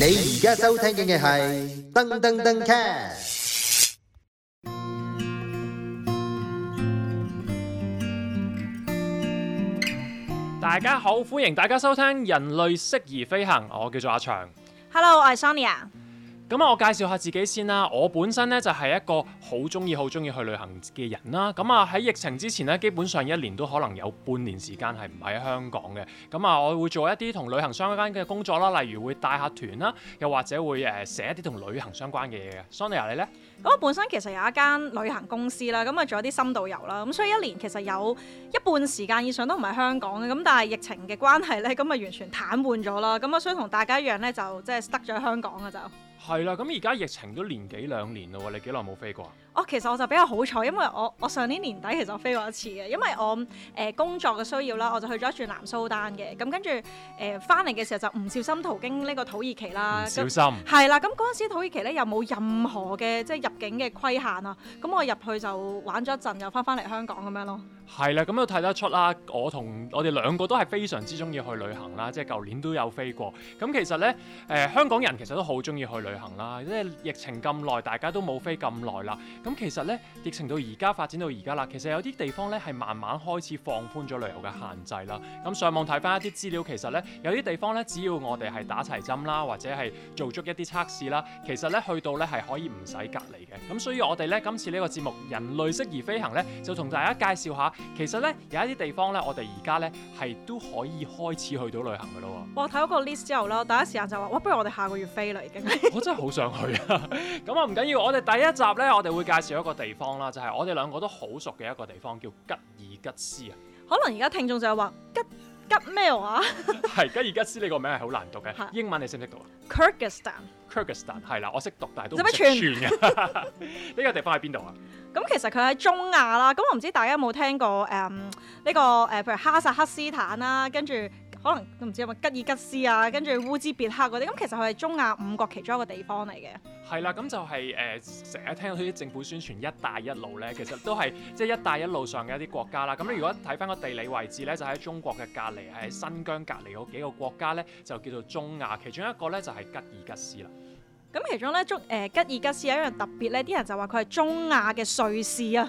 你而家收聽緊嘅係噔噔噔 cast。大家好，歡迎大家收聽《人類適宜飛行》，我叫做阿祥。Hello，我係 Sonia。咁啊，我介紹下自己先啦。我本身咧就係一個好中意、好中意去旅行嘅人啦。咁啊，喺疫情之前咧，基本上一年都可能有半年時間係唔喺香港嘅。咁啊，我會做一啲同旅行相關嘅工作啦，例如會帶客團啦，又或者會誒寫一啲同旅行相關嘅嘢嘅。Sonny 你呢？咁我本身其實有一間旅行公司啦，咁啊，做一啲深導遊啦。咁所以一年其實有一半時間以上都唔喺香港嘅。咁但係疫情嘅關係咧，咁啊完全癱瘓咗啦。咁啊，所以同大家一樣咧，就即係得咗香港嘅就。係啦，咁而家疫情都年幾兩年咯喎，你幾耐冇飛過啊？其實我就比較好彩，因為我我上年年底其實我飛過一次嘅，因為我誒、呃、工作嘅需要啦，我就去咗一轉南蘇丹嘅，咁跟住誒翻嚟嘅時候就唔小心途經呢個土耳其啦，小心係啦，咁嗰陣時土耳其咧又冇任何嘅即係入境嘅規限啊，咁我入去就玩咗一陣，又翻翻嚟香港咁樣咯。係啦，咁又睇得出啦，我同我哋兩個都係非常之中意去旅行啦，即係舊年都有飛過。咁其實咧誒、呃、香港人其實都好中意去旅行啦，即係疫情咁耐，大家都冇飛咁耐啦。咁其實咧，疫情到而家發展到而家啦，其實有啲地方咧係慢慢開始放寬咗旅遊嘅限制啦。咁上網睇翻一啲資料，其實咧有啲地方咧，只要我哋係打齊針啦，或者係做足一啲測試啦，其實咧去到咧係可以唔使隔離嘅。咁所以我哋咧今次呢個節目《人類適宜飛行》咧，就同大家介紹下，其實咧有一啲地方咧，我哋而家咧係都可以開始去到旅行噶咯喎。哇！睇到個 list 之後咧，第一時間就話：哇，不如我哋下個月飛啦，已經。 我真係好想去啊！咁啊，唔緊要，我哋第一集咧，我哋會介紹一個地方啦，就係我哋兩個都好熟嘅一個地方，叫吉爾吉斯啊。可能而家聽眾就係話吉吉咩話？係吉爾吉斯，呢個名係好難讀嘅。英文你識唔識讀啊？Kyrgyzstan，Kyrgyzstan 係啦，我識讀，但係都唔串嘅。呢個地方喺邊度啊？咁其實佢喺中亞啦。咁我唔知大家有冇聽過誒呢、嗯這個誒，譬如哈薩克斯坦啦、啊，跟住。可能都唔知有冇吉爾吉斯啊，跟住烏茲別克嗰啲，咁其實佢係中亞五國其中一個地方嚟嘅。係啦，咁就係、是、誒，成、呃、日聽到啲政府宣傳一帶一路咧，其實都係即係一帶一路上嘅一啲國家啦。咁你如果睇翻個地理位置咧，就喺中國嘅隔離，喺新疆隔離嗰幾個國家咧，就叫做中亞，其中一個咧就係吉爾吉斯啦。咁其中咧中誒吉爾吉斯有一樣特別咧，啲人就話佢係中亞嘅瑞士啊。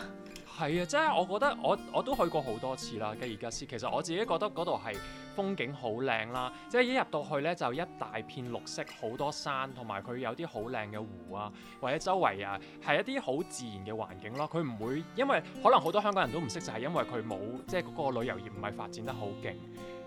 係啊，即係我覺得我我都去過好多次啦，吉爾吉斯，其實我自己覺得嗰度係風景好靚啦，即係一入到去呢，就一大片綠色，好多山，同埋佢有啲好靚嘅湖啊，或者周圍啊係一啲好自然嘅環境咯，佢唔會因為可能好多香港人都唔識就係因為佢冇即係嗰個旅遊業唔係發展得好勁。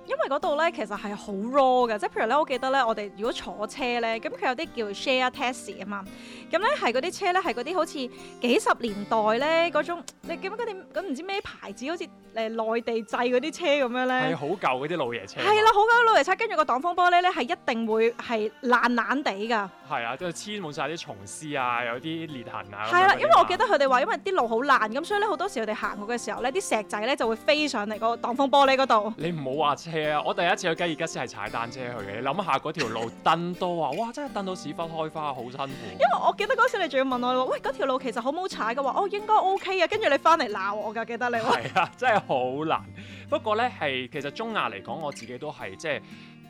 因為嗰度咧其實係好 raw 嘅，即係譬如咧，我記得咧，我哋如果坐車咧，咁佢有啲叫 share taxi 啊嘛，咁咧係嗰啲車咧係嗰啲好似幾十年代咧嗰種，你記唔記得點咁，唔知咩牌子，好似誒內地製嗰啲車咁樣咧？係好舊嗰啲老，老爺車。係啦，好舊老爺車，跟住個擋風玻璃咧係一定會係爛爛地㗎。係啊，即係黐滿晒啲松絲啊，有啲裂痕啊。係啦、啊，因為我記得佢哋話，因為啲路好爛，咁所以咧好多時佢哋行過嘅時候咧，啲石仔咧就會飛上嚟個擋風玻璃嗰度。你唔好話車係啊，我第一次去吉爾吉斯係踩單車去嘅。你諗下嗰條路蹬到啊，哇！真係蹬到屎忽開花，好辛苦。因為我記得嗰時你仲要問我喂，嗰條路其實好唔好踩嘅？話、哦、我應該 OK 啊。跟住你翻嚟鬧我㗎，記得你話。係啊，真係好難。不過咧，係其實中亞嚟講，我自己都係即係誒、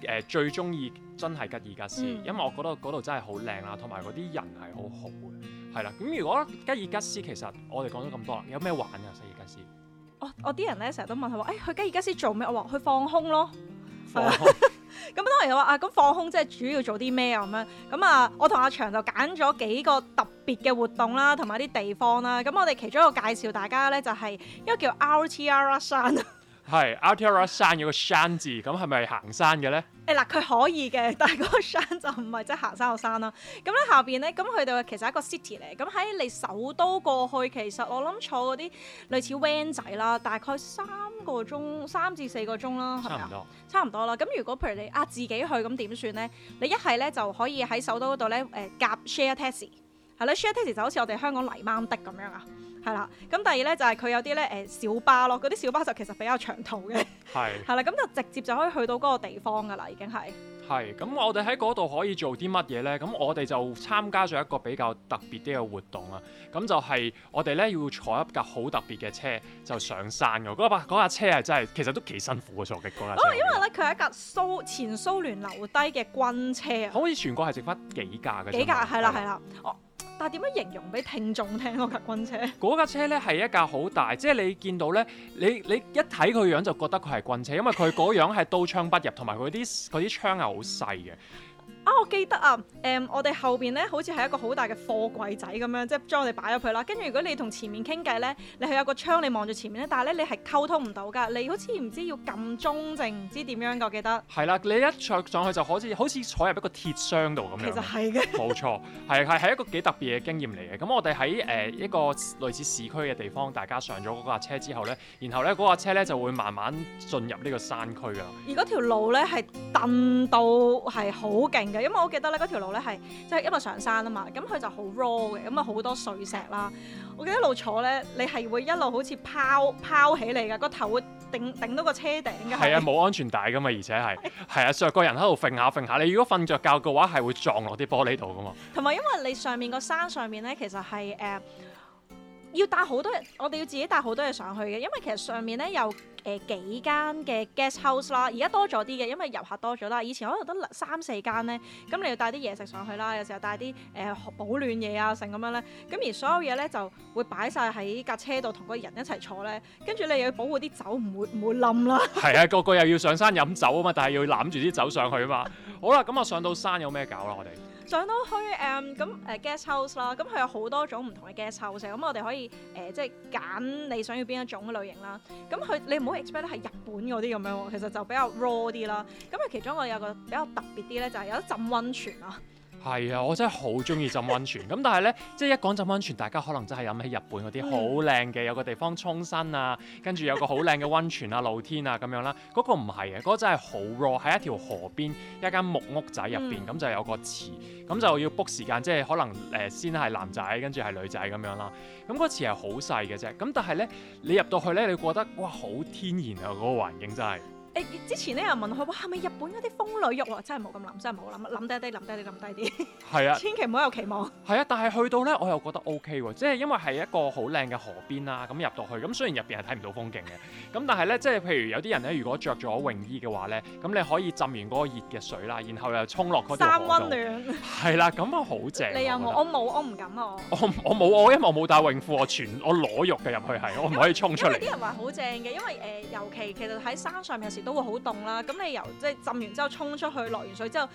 呃、最中意真係吉爾吉斯，嗯、因為我覺得嗰度真係好靚啦，同埋嗰啲人係好好嘅。係啦，咁如果吉爾吉斯其實我哋講咗咁多啦，有咩玩啊？吉爾吉斯？我啲人咧，成日都問佢話，誒佢而家先做咩？我話去放空咯，係啦。咁當然又話啊，咁放空即係主要做啲咩啊？咁樣咁啊，我同阿長就揀咗幾個特別嘅活動啦，同埋啲地方啦。咁我哋其中一個介紹大家咧，就係一個叫 Altira 山。係 o u t r a 山有個山字，咁係咪行山嘅咧？誒嗱、哎，佢可以嘅，但係嗰個山就唔係即係行山個山啦。咁咧下邊咧，咁佢哋其實係一個 city 嚟。咁喺你首都過去，其實我諗坐嗰啲類似 van 仔啦，大概三個鐘三至四個鐘啦，差唔多，差唔多啦。咁如果譬如你啊自己去，咁點算咧？你一係咧就可以喺首都嗰度咧誒夾 share taxi。嗱，咧 Share taxi 就好似我哋香港泥掹的咁樣啊，係、嗯、啦。咁第二咧就係、是、佢有啲咧誒小巴咯，嗰啲小巴就其實比較長途嘅，係是、嗯。係、嗯、啦，咁就直接就可以去到嗰個地方噶啦，已經係。係，咁我哋喺嗰度可以做啲乜嘢咧？咁我哋就參加咗一個比較特別啲嘅活動啊。咁就係我哋咧要坐一架好特別嘅車就上山㗎。嗰架嗰架車係真係其實都幾辛苦嘅坐嘅嗰架車。哦、覺因為咧佢係一架蘇前蘇聯留低嘅軍車啊。好似全國係剩翻幾架嘅。幾架係啦，係啦。但係點樣形容俾聽眾聽嗰架軍車？嗰架車咧係一架好大，即係你見到咧，你你一睇佢樣就覺得佢係軍車，因為佢嗰樣係刀槍不入，同埋佢啲佢啲槍係好細嘅。我記得啊，誒、嗯，我哋後邊咧，好似係一個好大嘅貨櫃仔咁樣，即係將我哋擺入去啦。跟住如果你同前面傾偈咧，你係有個窗你望住前面咧，但係咧你係溝通唔到㗎。你好似唔知要咁中正，唔知點樣，我記得。係啦，你一着上去就好似好似坐入一個鐵箱度咁樣。其實係嘅。冇錯，係係係一個幾特別嘅經驗嚟嘅。咁我哋喺誒一個類似市區嘅地方，大家上咗嗰架車之後咧，然後咧嗰架車咧就會慢慢進入呢個山區㗎。而嗰條路咧係蹬到係好勁嘅。因為我記得咧，嗰條路咧係即係因為上山啊嘛，咁、嗯、佢就好 raw 嘅，咁啊好多碎石啦。我記得一路坐咧，你係會一路好似拋拋起嚟嘅，個頭會頂頂到個車頂㗎。係啊，冇安全帶㗎嘛，而且係係啊，錫個人喺度揈下揈下，你如果瞓着覺嘅話，係會撞落啲玻璃度㗎嘛。同埋因為你上面個山上面咧，其實係誒。呃要帶好多嘢，我哋要自己帶好多嘢上去嘅，因為其實上面咧有誒、呃、幾間嘅 guest house 啦，而家多咗啲嘅，因為遊客多咗啦。以前可能得三四間咧，咁你要帶啲嘢食上去啦，有時候帶啲誒、呃、保暖嘢啊，成咁樣咧，咁而所有嘢咧就會擺晒喺架車度，同個人一齊坐咧，跟住你又要保護啲酒唔會唔會冧啦。係啊，個個又要上山飲酒啊嘛，但係要攬住啲酒上去啊嘛。 好啦，咁我上到山有咩搞啦？我哋。上到去誒咁、嗯、誒、呃、guesthouse 啦，咁、嗯、佢有好多種唔同嘅 guesthouse 嘅、嗯，咁我哋可以誒、呃、即係揀你想要邊一種嘅類型啦。咁、嗯、佢你唔好 expect 係日本嗰啲咁樣，其實就比較 raw 啲啦。咁、嗯、佢其中一個有一個比較特別啲咧，就係、是、有一浸温泉啦。係啊，我真係好中意浸温泉。咁但係咧，即係一講浸温泉，大家可能真係諗起日本嗰啲好靚嘅，有個地方沖身啊，跟住有個好靚嘅温泉啊，露天啊咁樣啦。嗰、那個唔係啊，嗰、那個真係好 raw，喺一條河邊一間木屋仔入邊，咁、嗯、就有個池，咁就要 book 時間，即係可能誒先係男仔，跟住係女仔咁樣啦。咁、那、嗰、個、池係好細嘅啫。咁但係咧，你入到去咧，你覺得哇，好天然啊，嗰個環境真係、啊。之前咧有人問佢話，哇係咪日本嗰啲風呂浴喎？真係冇咁諗，真係冇諗，諗低啲，諗低啲，諗低啲。係啊，千祈唔好有期望。係啊，但係去到咧我又覺得 O K 喎，即係因為係一個好靚嘅河邊啦，咁入到去，咁雖然入邊係睇唔到風景嘅，咁但係咧即係譬如有啲人咧，如果著咗泳衣嘅話咧，咁你可以浸完嗰個熱嘅水啦，然後又沖落嗰度。三溫暖。係啦，咁啊好正。你又冇？我冇，我唔敢我。我冇，我因為我冇帶泳褲，我全我裸肉嘅入去係，我唔可以衝出嚟。有啲人話好正嘅，因為誒尤其其實喺山上面都會好凍啦，咁你由即係、就是、浸完之後衝出去落完水之後，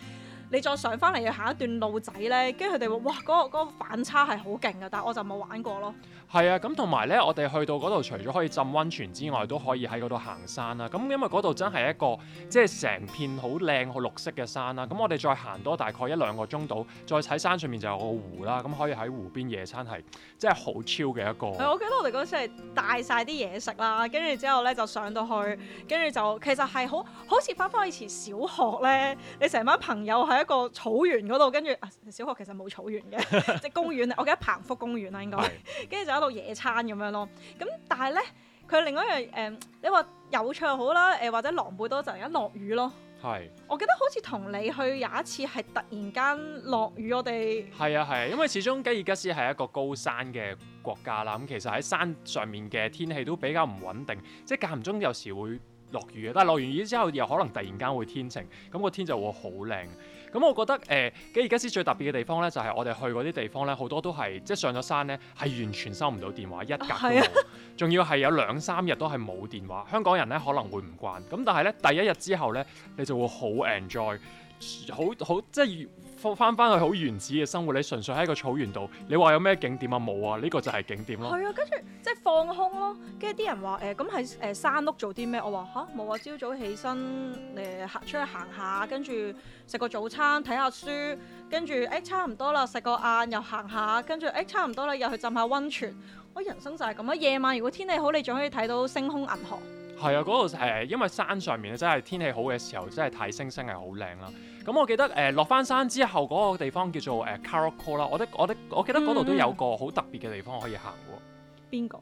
你再上翻嚟要行一段路仔咧，跟住佢哋話：哇，嗰、嗰個反差係好勁㗎，但係我就冇玩過咯。係啊，咁同埋咧，我哋去到嗰度除咗可以浸溫泉之外，都可以喺嗰度行山啦、啊。咁因為嗰度真係一個即係成片好靚好綠色嘅山啦、啊。咁我哋再行多大概一兩個鐘到，再喺山上面就有個湖啦、啊。咁可以喺湖邊野餐，係真係好 chill 嘅一個。我記得我哋嗰陣真係帶晒啲嘢食啦，跟住之後咧就上到去，跟住就其實係好好似返返以前小學咧，你成班朋友喺一個草原嗰度，跟住、啊、小學其實冇草原嘅，即 公園。我記得彭福公園啦，應該，跟住就。 喺度野餐咁樣咯，咁、嗯、但係咧，佢另外一樣誒、嗯，你話有趣好啦，誒、呃、或者狼狽多陣，一落雨咯。係是，我記得好似同你去有一次係突然間落雨，我哋係啊係、啊，因為始終吉爾吉斯係一個高山嘅國家啦，咁、嗯、其實喺山上面嘅天氣都比較唔穩定，即係間唔中有時會。落雨嘅，但係落完雨之後又可能突然間會天晴，咁個天就會好靚。咁我覺得誒，吉爾吉斯最特別嘅地方咧，就係、是、我哋去嗰啲地方咧，好多都係即係上咗山咧，係完全收唔到電話，一格都冇，仲要係有兩三日都係冇電話。香港人咧可能會唔慣，咁但係咧第一日之後咧，你就會好 enjoy，好好即係。放翻翻去好原始嘅生活，你純粹喺個草原度，你話有咩景點啊？冇啊！呢個就係景點咯。係啊，跟住即係放空咯。跟住啲人話誒，咁喺誒山屋做啲咩？我話吓，冇啊！朝早起身誒行出去行下，跟住食個早餐睇下書，跟住誒差唔多啦，食個晏又行下，跟住誒差唔多啦，又去浸下溫泉。我、哦、人生就係咁啊！夜晚如果天氣好，你仲可以睇到星空銀河。係啊，嗰度誒，因為山上面咧真係天氣好嘅時候，真係睇星星係好靚啦。咁我記得誒落返山之後嗰個地方叫做誒 Caracol 啦。我得我得，我記得嗰度都有個好特別嘅地方可以行喎。邊個？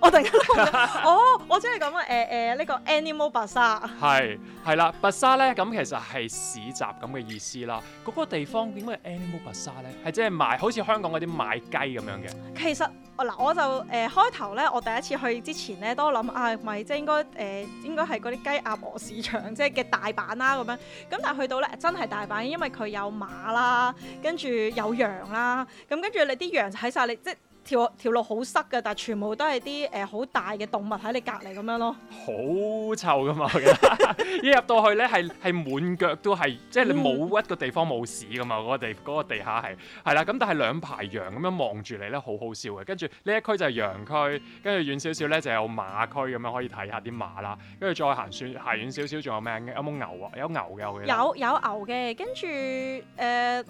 我突然間諗到，哦、 oh,，我真係咁啊，誒誒呢個 animal 白沙， 係係啦，白沙咧咁其實係市集咁嘅意思啦。嗰、那個地方點解 animal 白沙咧？係即係賣好似香港嗰啲賣雞咁樣嘅。其實嗱，我就誒、呃、開頭咧，我第一次去之前咧，都諗啊，咪即係應該誒、呃，應該係嗰啲雞鴨鵝市場即係嘅大阪啦咁樣。咁但係去到咧，真係大阪，因為佢有馬啦，跟住有羊啦，咁跟住你啲羊喺晒你即。條條路好塞嘅，但係全部都係啲誒好大嘅動物喺你隔離咁樣咯，好臭噶嘛！ 一入到去咧係係滿腳都係，即係你冇一個地方冇屎噶嘛！嗰、嗰個地嗰、嗰個地下係係啦，咁但係兩排羊咁樣望住你咧，好好笑嘅。跟住呢一區就係羊區，跟住遠少少咧就有馬區咁樣，可以睇下啲馬啦。跟住再行算，行遠少少，仲有咩有冇牛啊？有牛嘅我記得有有牛嘅，跟住誒。呃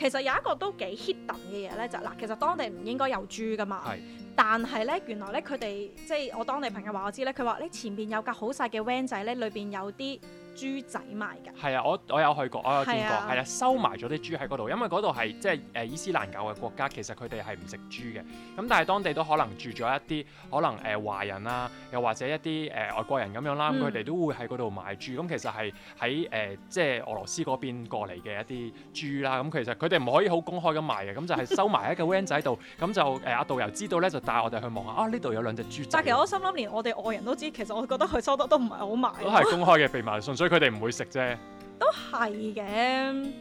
其實有一個都幾 hidden 嘅嘢咧，就嗱、是，其實當地唔應該有豬噶嘛，是但係咧，原來咧佢哋即係我當地朋友話我知咧，佢話咧前邊有架好細嘅 van 仔咧，裏邊有啲。豬仔賣㗎，係啊！我我有去過，我有見過，係啊！收埋咗啲豬喺嗰度，因為嗰度係即係誒伊斯蘭教嘅國家，其實佢哋係唔食豬嘅。咁、嗯、但係當地都可能住咗一啲可能誒、呃、華人啦、啊，又或者一啲誒、呃、外國人咁樣啦，佢哋、嗯、都會喺嗰度賣豬。咁、嗯、其實係喺誒即係俄羅斯嗰邊過嚟嘅一啲豬啦。咁、嗯、其實佢哋唔可以好公開咁賣嘅，咁、嗯、就係收埋一個 van 仔度。 咁就誒阿、呃、導遊知道咧，就帶我哋去望下啊！呢、啊、度有兩隻豬仔。但其實我心諗，連我哋外人都知，其實我覺得佢收得都唔係好賣。都係公開嘅秘密信。 所以佢哋唔會食啫，都係嘅。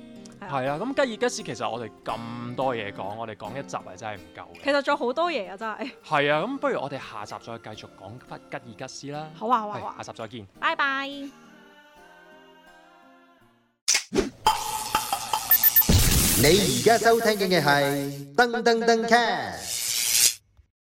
係啊，咁吉爾吉斯其實我哋咁多嘢講，我哋講一集係真係唔夠。其實仲有好多嘢啊，真係。係啊，咁不如我哋下集再繼續講翻吉爾吉斯啦。好啊好啊，下集再見，拜拜。你而家收聽緊嘅係登登登 cast。